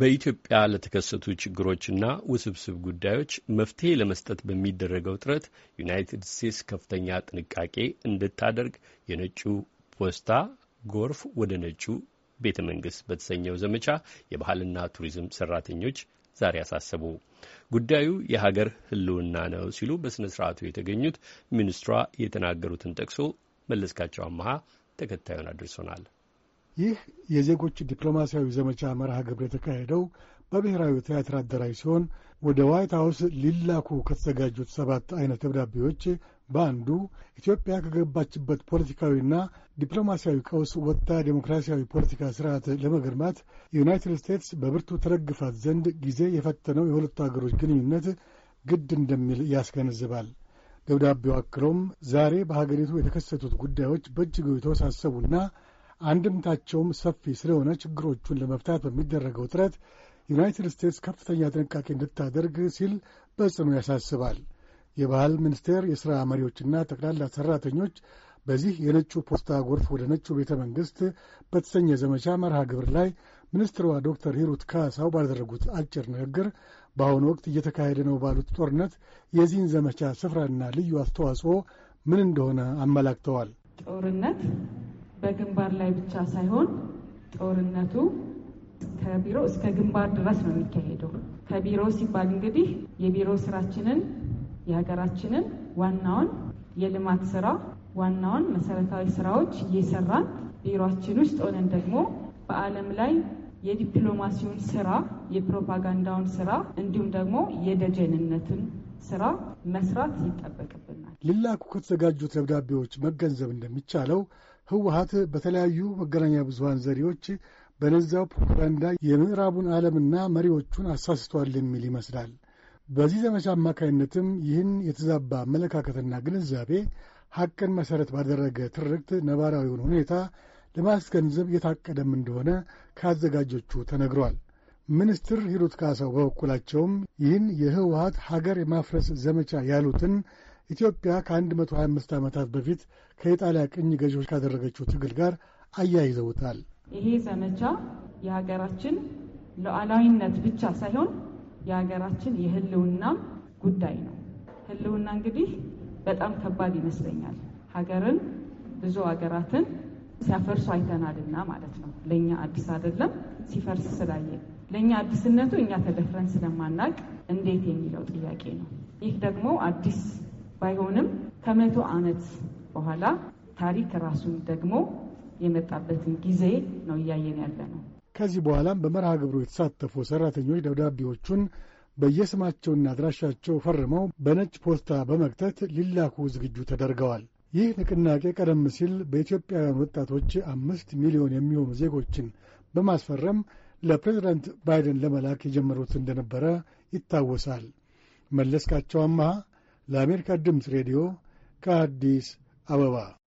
በኢትዮጵያ ለተከሰቱ ችግሮችና ውስብስብ ጉዳዮች መፍትሄ ለመስጠት በሚደረገው ጥረት ዩናይትድ ስቴትስ ከፍተኛ ጥንቃቄ እንድታደርግ የነጩ ፖስታ ጎርፍ ወደ ነጩ ቤተ መንግስት በተሰኘው ዘመቻ የባህልና ቱሪዝም ሰራተኞች ዛሬ አሳሰቡ። ጉዳዩ የሀገር ሕልውና ነው ሲሉ በሥነ ሥርዓቱ የተገኙት ሚኒስትሯ የተናገሩትን ጠቅሶ መለስካቸው አመሃ ተከታዩን አድርሶናል። ይህ የዜጎች ዲፕሎማሲያዊ ዘመቻ መርሃ ግብር የተካሄደው በብሔራዊ ቲያትር አዳራሽ ሲሆን ወደ ዋይት ሀውስ ሊላኩ ከተዘጋጁት ሰባት አይነት ደብዳቤዎች በአንዱ ኢትዮጵያ ከገባችበት ፖለቲካዊና ዲፕሎማሲያዊ ቀውስ ወጥታ ዴሞክራሲያዊ ፖለቲካ ስርዓት ለመገንባት የዩናይትድ ስቴትስ በብርቱ ተደግፋት ዘንድ ጊዜ የፈተነው የሁለቱ አገሮች ግንኙነት ግድ እንደሚል ያስገነዝባል። ደብዳቤው አክሎም ዛሬ በሀገሪቱ የተከሰቱት ጉዳዮች በእጅጉ የተወሳሰቡና አንድምታቸውም ሰፊ ስለሆነ ችግሮቹን ለመፍታት በሚደረገው ጥረት ዩናይትድ ስቴትስ ከፍተኛ ጥንቃቄ እንድታደርግ ሲል በጽኑ ያሳስባል። የባህል ሚኒስቴር የሥራ መሪዎችና ጠቅላላ ሠራተኞች በዚህ የነጩ ፖስታ ጎርፍ ወደ ነጩ ቤተ መንግሥት በተሰኘ ዘመቻ መርሃ ግብር ላይ ሚኒስትሯ ዶክተር ሂሩት ካሳው ባደረጉት አጭር ንግግር በአሁኑ ወቅት እየተካሄደ ነው ባሉት ጦርነት የዚህን ዘመቻ ስፍራና ልዩ አስተዋጽኦ ምን እንደሆነ አመላክተዋል። ጦርነት በግንባር ላይ ብቻ ሳይሆን ጦርነቱ ከቢሮ እስከ ግንባር ድረስ ነው የሚካሄደው። ከቢሮ ሲባል እንግዲህ የቢሮ ስራችንን የሀገራችንን ዋናውን የልማት ስራ ዋናውን መሰረታዊ ስራዎች እየሰራን ቢሮችን ውስጥ ሆነን ደግሞ በዓለም ላይ የዲፕሎማሲውን ስራ የፕሮፓጋንዳውን ስራ እንዲሁም ደግሞ የደጀንነትን ስራ መስራት ይጠበቅብናል። ሊላኩ ከተዘጋጁት ደብዳቤዎች መገንዘብ እንደሚቻለው ህወሀት በተለያዩ መገናኛ ብዙሀን ዘዴዎች በነዛው ፕሮፓጋንዳ የምዕራቡን ዓለምና መሪዎቹን አሳስቷል የሚል ይመስላል። በዚህ ዘመቻ አማካይነትም ይህን የተዛባ አመለካከትና ግንዛቤ ሐቅን መሠረት ባደረገ ትርክት ነባራዊውን ሁኔታ ለማስገንዘብ የታቀደም እንደሆነ ከአዘጋጆቹ ተነግሯል። ሚኒስትር ሂሩት ካሳው በበኩላቸውም ይህን የህወሀት ሀገር የማፍረስ ዘመቻ ያሉትን ኢትዮጵያ ከ125 ዓመታት በፊት ከኢጣሊያ ቅኝ ገዢዎች ካደረገችው ትግል ጋር አያይዘውታል። ይሄ ዘመቻ የሀገራችን ሉዓላዊነት ብቻ ሳይሆን የሀገራችን የህልውና ጉዳይ ነው። ህልውና እንግዲህ በጣም ከባድ ይመስለኛል። ሀገርን ብዙ ሀገራትን ሲያፈርሱ አይተናልና ማለት ነው። ለእኛ አዲስ አይደለም። ሲፈርስ ስላየ ለእኛ አዲስነቱ እኛ ተደፍረን ስለማናቅ እንዴት የሚለው ጥያቄ ነው። ይህ ደግሞ አዲስ ባይሆንም ከመቶ ዓመት በኋላ ታሪክ ራሱን ደግሞ የመጣበትን ጊዜ ነው እያየን ያለ ነው። ከዚህ በኋላም በመርሃ ግብሩ የተሳተፉ ሰራተኞች ደብዳቤዎቹን በየስማቸውና አድራሻቸው ፈርመው በነጭ ፖስታ በመክተት ሊላኩ ዝግጁ ተደርገዋል። ይህ ንቅናቄ ቀደም ሲል በኢትዮጵያውያን ወጣቶች አምስት ሚሊዮን የሚሆኑ ዜጎችን በማስፈረም ለፕሬዚዳንት ባይደን ለመላክ የጀመሩት እንደነበረ ይታወሳል። መለስካቸው አመሃ ለአሜሪካ ድምፅ ሬዲዮ ከአዲስ አበባ